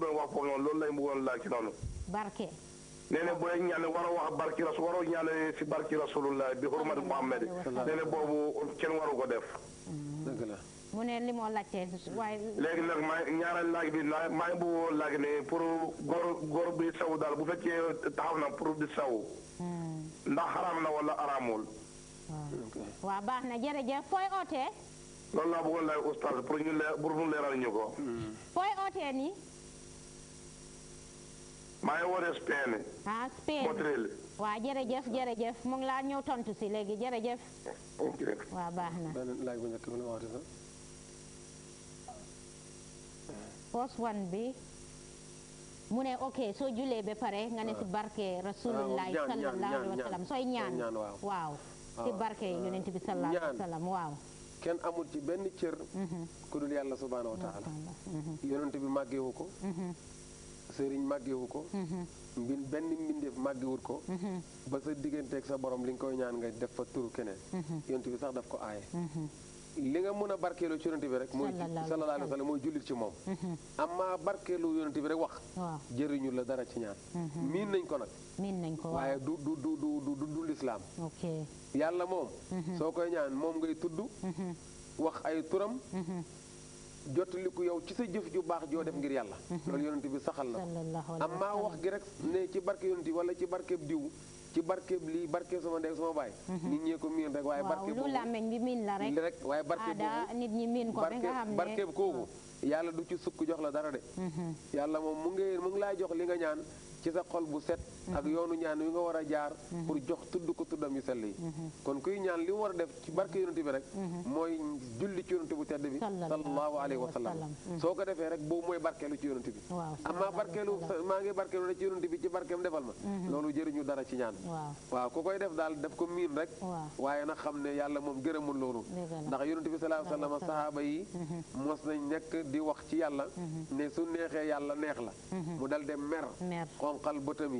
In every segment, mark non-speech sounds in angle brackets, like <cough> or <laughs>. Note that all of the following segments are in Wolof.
ko doon wax foofu noonu loolu lay bëggoon laa ci noonu. barke. nee booy ñaan war a wax barki rasul waroo ñaan si barki rasulullah bi hurmati muhammad nee na boobu kenn waru def. la. mu ne li moo laajtee léegi nag maa ñaareel laaj bi maa maa ngi bëggoon laaj ne pour góor góor bi saw daal bu fekkee taxaw na pour di saw. Hmm. ndax xaraam na wala araamul. Hmm. waaw baax na jërëjëf fooy ootee. loolu laa bëggoon laaj oustaz pour ñu leer ñu ko. Hmm. fooy ootee nii. maa ngi wootee Spain. ah wa jere jef jere jef mo ngi la ñew tontu ci legi jere jef wa baxna na. laaj bu njëkk mën a waxati sax. post ok soo nga né ci ah. barké rasulullah ah, sallallahu Alaihi Wasallam. soy ñaan waaw ci ah, barké yonent bi sallallahu alaihi wasallam sallam waaw. Ken amul ci ben cër. Mhm. ku dul yalla subhanahu wa taala. Mhm. yonent bi màggeewu ko. Mhm. sëriñ màggewu ko mbin benn mbindeef màggewut ko ba sa digganteeg sa borom li nga koy ñaan nga def fa turu keneen yonent bi sax daf ko aaye li nga mën a barkeelu ci yonent bi rek mooy sallallahu alayhi wa sallam mooy jullit ci moom amma barkeelu yonent bi rek wax jëriñu la dara ci ñaan mhm. miin nañ ko nag miin nañ ko waaye du du du du du du yàlla moom mhm. soo koy ñaan moom ngay tudd mhm. wax ay turam jottaliku yow ci sa jëf ju baax joo def ngir yàlla mhm. loolu yonent bi saxal na amaa wax gi rek ne ci barke yonent yi wala ci barkeeb diw ci barkeeb lii barkeeb sama ndey sama baay mhm. nit ñee ko miin rek waaye barkeeb boobu làmmiñ bi miin la rek rek waaye barkeeb boobu nit ñi miin ko ba nga xam ne barkeeb kooku yàlla du ci sukk jox la dara de mhm. yàlla moom mu ngi mu ngi lay jox li nga ñaan ci sa xol bu set ak yoonu ñaan wi nga war a jaar mhm. pour jox tudd ko tuddam yu sell yi mhm. kon kuy ñaan li mu war a def ci barke yonante bi rek mhm. mooy julli ci yonante bu tedd bi sallallahu alayhi wa sallam soo ko defee rek boobu mooy barkeelu ci yonante bi amaa barkeelu maa ngi barkeelu rek ci yonante bi ci barkeem defal ma loolu jëriñu dara ci ñaan waaw ku koy def daal def ko miin rek waaye nag xam ne yàlla moom gërëmul loolu ndax yonante bi sallallahu alayhi wa sallam sahaaba yi mos nañ nekk la mu dal dem mer xonqal bëtam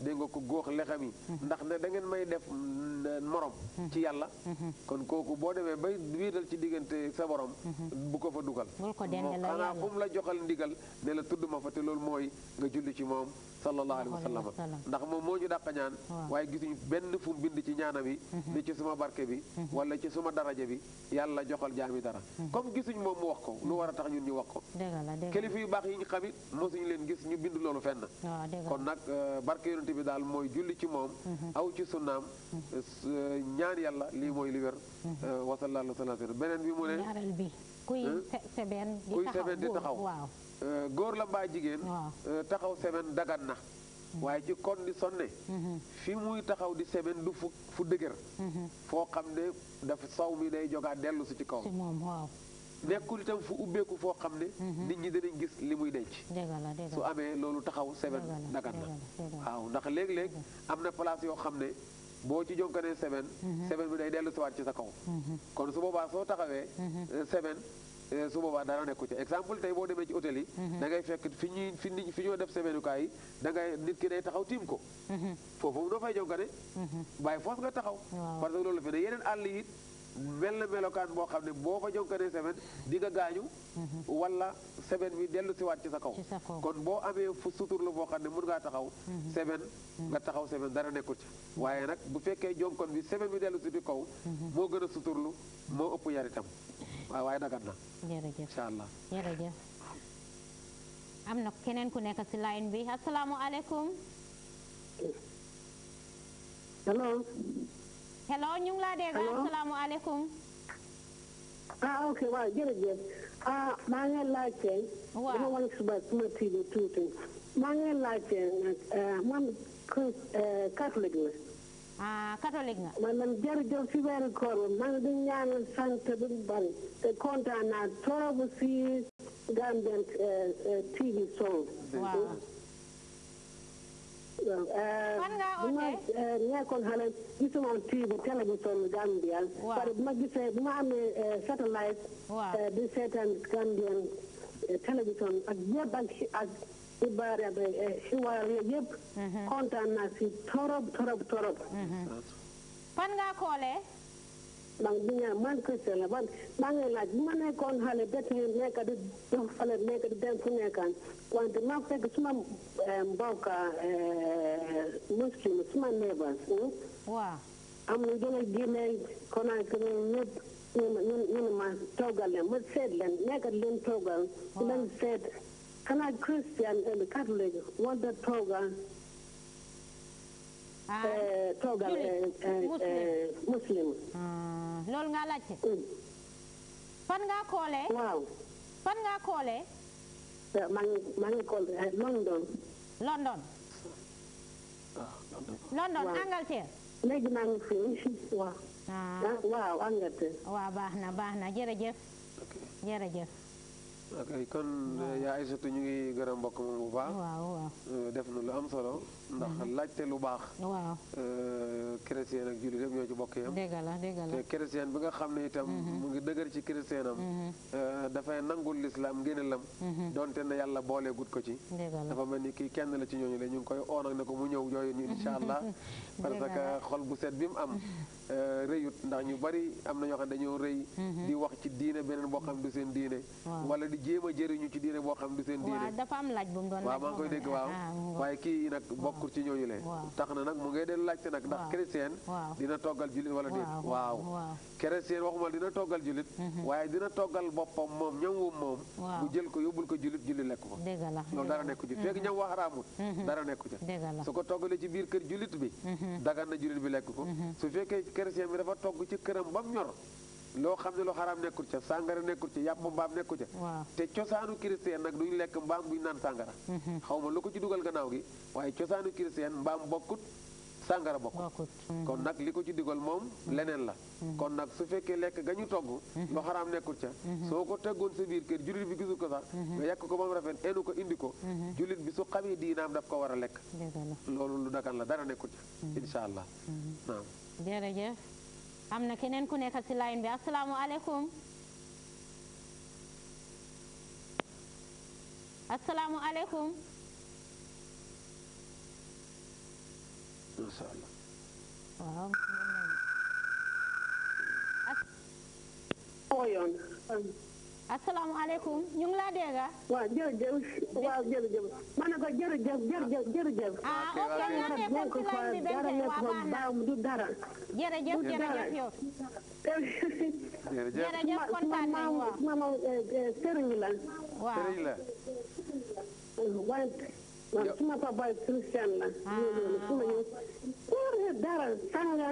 dégg nga ko góox lexam yi ndax ne da ngeen may def mm, morom ci yàlla kon kooku boo demee bay wiital ci diggante sa borom bu ko fa dugal xanaa fu la joxal ndigal ne la tudd ma fa te loolu mooy nga julli ci moom sallallahu alayhi wa sallam ndax moom moo ñu dàq ñaan waaye gisuñu benn fu mu bind ci ñaanam yi mhm. ni ci suma barke bi mhm. wala ci suma daraja bi yàlla joxal jaami dara mhm. comme gisuñ moom mu wax ko lu war a tax ñun ñu wax ko kilifa yu baax yi ñu xamit mosuñu leen gis yonent bi daal mooy julli ci moom mhm. aw ci sunnaam mhm. e, ñaan yàlla lii mooy li wér mhm. e, wasallallahu alayhi wa sallam beneen bi mu ne ñaareel bi kuy hmm? seben di taxaw e, góor la mbaa jigéen taxaw seben dagan na waaye ci condition ne fi muy taxaw di semaine du fu fu dëgër foo xam ne dafa saw mi day jogaat dellu si ci kaw nekkul itam fu ubbeeku foo xam ne. Mhm. nit ñi danañ gis li muy denc. su amee loolu taxaw semaine nagat na waaw ndax léeg-léeg am na place yoo xam ne. boo ci jonkanee semaine. Mhm. semaine bi day dellu siwaat ci sa kaw. Mhm. kon su boobaa soo taxawee. Eh, semaine eh, su boobaa dara nekku ca exemple tey boo demee ci hôtel yi. da fekk fi ñuy fi ñoo def semaine kaay nit ki day taxaw tiim ko. foofu noo fay jonkane. bàyyi foos nga taxaw. parce que loolu fi yeneen àll yi. benn melokaan boo xam ne boo fa jokkanee semaine di nga gaañu mm-hmm. wala semaine bi dellu siwaat ci sa kaw kon boo amee fu sutur la boo xam ne mën ngaa taxaw mm-hmm. semaine mm-hmm. nga taxaw semaine dara nekkul ci waaye nag bu fekkee jonkon bi semaine bi dellu si di kaw moo gën a suturlu moo ëpp waaye dagat na am na keneen ku nekk si line bi asalaamaaleykum allo hello ñu ngi laa dégg. asalaamaaleykum. ah ok waaw jërëjëf ah maa ngi laajte. waaw dama wan suba suma tiibi tuuti maa ngi laa nag eh, man eh, catholique la. ah catholique nga. maanaam jërëjëf si weeru man di ñaanal sant bu mu bari te kontaan naa trop si Gambian eh, TV Soul. waaw. Uh, bu ma uh, nekkoon xale gisumoon TV télé bu toll Gambian pare bu ma gisee bu ma amee uh, satellite di seetaan Gambian télévision ak yëpp ak ak xibaar ak xiwaar yëpp mhm. kontaan naa si torop torop torop mhm. fan nga koolee islam bi ñu man christian la ban maa ngi laaj bu ma nekkoon xale bett yi nekk di dox fale nekk di dem fu nekkaan wante maa fekk suma mbokk muslim suma neighbors waaw am na jële génne konaaki ñëpp ñu ne ma toggal leen ma seet leen nekk leen toggal leen seet xanaa christian and catholic wante toggal Eh, toogal eh, eh, muslim hmm, loolu nga laajte mm. fan nga koolee waaw fan nga koolee ngi maa London London ah, London Angleterre léegi maa ngi fi waaw ah. ah, waaw Angleterre waaw baax na baax na jërëjëf jërëjëf ok kon yaa Aysatu ñu ngi gërëm mbokk moom bu baax. waaw waaw euh, def na lu am solo. Mhm. ndax laajte lu baax. waaw euh, chrétien ak jullit yëpp ñoo ci bokk yam. dëgg la dëgg la te chrétien bi nga xam ne itam. Mhm. mu ngi dëgër ci chrétien am. Mhm. Euh, dafay nangul lislaam ngeen lam. donte ne yàlla booleegut ko ci. dafa mel ni kii kenn la ci ñooñu la ñu ngi koy oo ne ko mu ñëw yooyu ñu incha <laughs> allah. parce que xol bu set bi mu am. rëyut ndax ñu bari am na ñoo xam ne dañoo rëy. di wax ci diine beneen jéem a jëriñu ci diine boo xam du seen diine. waaw mu doon laaj waaw maa ngi koy dégg waaw ah, waaye kii nag bokkul ci ñooñu le tax na nag mu ngay dellu laajte nag ndax chrétien dina toggal jullit wala déet waaw chrétien waxuma dina toggal jullit mhm. waaye dina toggal boppam moom ñam wu moom bu jël ko yóbbul ko jullit jullit lekk ko loolu dara nekku ci mhm. fekk ñam wax araamut mhm. dara nekku ci su ko toggalee ci biir kër jullit bi dagan na jullit bi lekk ko su fekkee chrétien bi dafa togg ci këram loo xam ne lu xaraam nekkul ca sàngara nekkul ca yàpp mbaam nekkul ca te cosaanu chrétien nag duñ lekk mbaam duñ naan sàngara mm-hmm. xaw ma lu ko ci dugal gannaaw gi waaye cosaanu chrétien mbaam bokkut sàngara bokkut mm-hmm. kon nag li ko ci digal moom mm-hmm. leneen la kon nag su fekkee lekk ga ñu togg lu xaraam nekkul ca soo ko teggoon sa biir kër jullit bi gisul ko sax nga yàq ko ba mu rafet enu ko indi ko jullit bi su xamee diinaam daf ko war a lekk loolu lu dagan la dara nekkul ca insha am na keneen ku nekk ci line bi asalaamualeykum asalaamualeykum. macha allah. waaw. moo yoon. asalaamaaleykum ñu ngi laa dégg. waaw jërëjëf waaw jërëjëf ma ne ko jërëjëf jërëjëf jërëjëf. ah ok nga nekkoon ci laaj bi benn benn waa baax na du dara. jërëjëf jërëjëf yow. jërëjëf jërëjëf kontaan nañu waaw ma ma eh, eh, sëriñ la. waaw sëriñ la. waaye man suma papa christian la. Ah. dara sanga.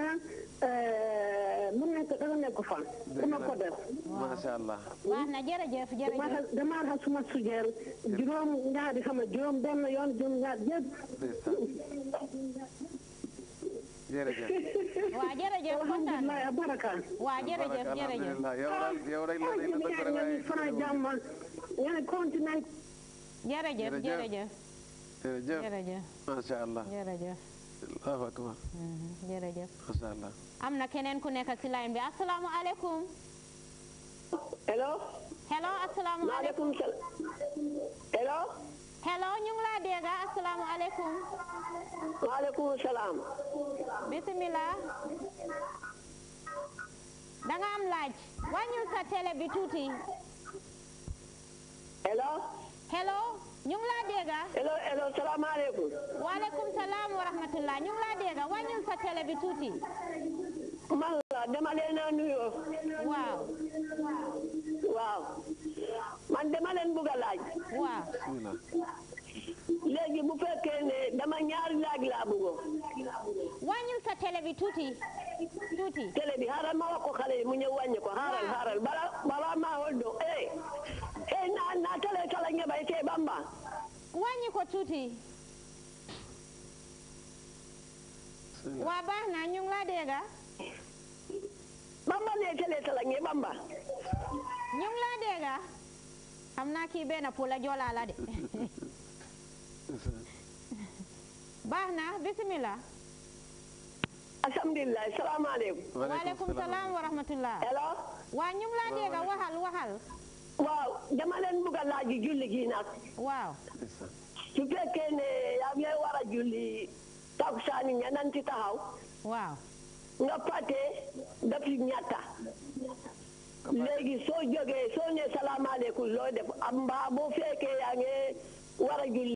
Eh, mën nañ ko dara nekk fan. dama ko def. macha allah. baax na jërëjëf jërëjëf. dama raxas suma sujeer juróom ñaari xam juróom benn yoon juróom ñaar yëpp. jërëjëf waaw jërëjëf kontaan naa baraka waaw jërëjëf jërëjëf ah, yow rek la ñu ngi fara jàmm ñu continué jërëjëf jërëjëf jërëjëf macha allah jërëjëf Mm-hmm. allahu am na keneen ku nekk ci line bi asalaamaaleykum hello hello asalaamaaleykum hello hello ñu ngi laa dégg asalaamaaleykum waaleykum salaam bismillah da nga am sa télé bi tuuti hello hello ñu ngi laa dégg hello hello salaamaaleykum bisimilah ñu ngi laa dégg wàññil bi tuuti. man la dama leen a nuyoo. waaw. waaw. man dama leen bugg a laaj. waaw. léegi bu fekkee ne dama ñaari laaj laa bëggoon. wàññil sa télé bi tuuti tuuti. bi xaaral ma wax ko xale yi mu ñëw ko xaaral xaaral bala bala maa wol do eh eh naa naa télé kala ngeba ke bamba. wàññi ko tuuti. waa baax naa ñu ngi laa dégg bamba ne kele talange bamba ñu laa dégg xam naa kii benn pula joolaa la de <laughs> baax na bismillah alhamdulilah salaamaaleykum waaleykum salaam wa rahmatullah hello waa ñu laa dégg waxal waxal waaw dama leen bëgg a laaj julli gi nag waaw su fekkee ne yaa ngi war a julli takkusaan ñanan ci taxaw waaw nga pàtte dafi ñatta léegi soo jógee soo ne salaamaaleykum loo def am boo fekkee yaa ngi war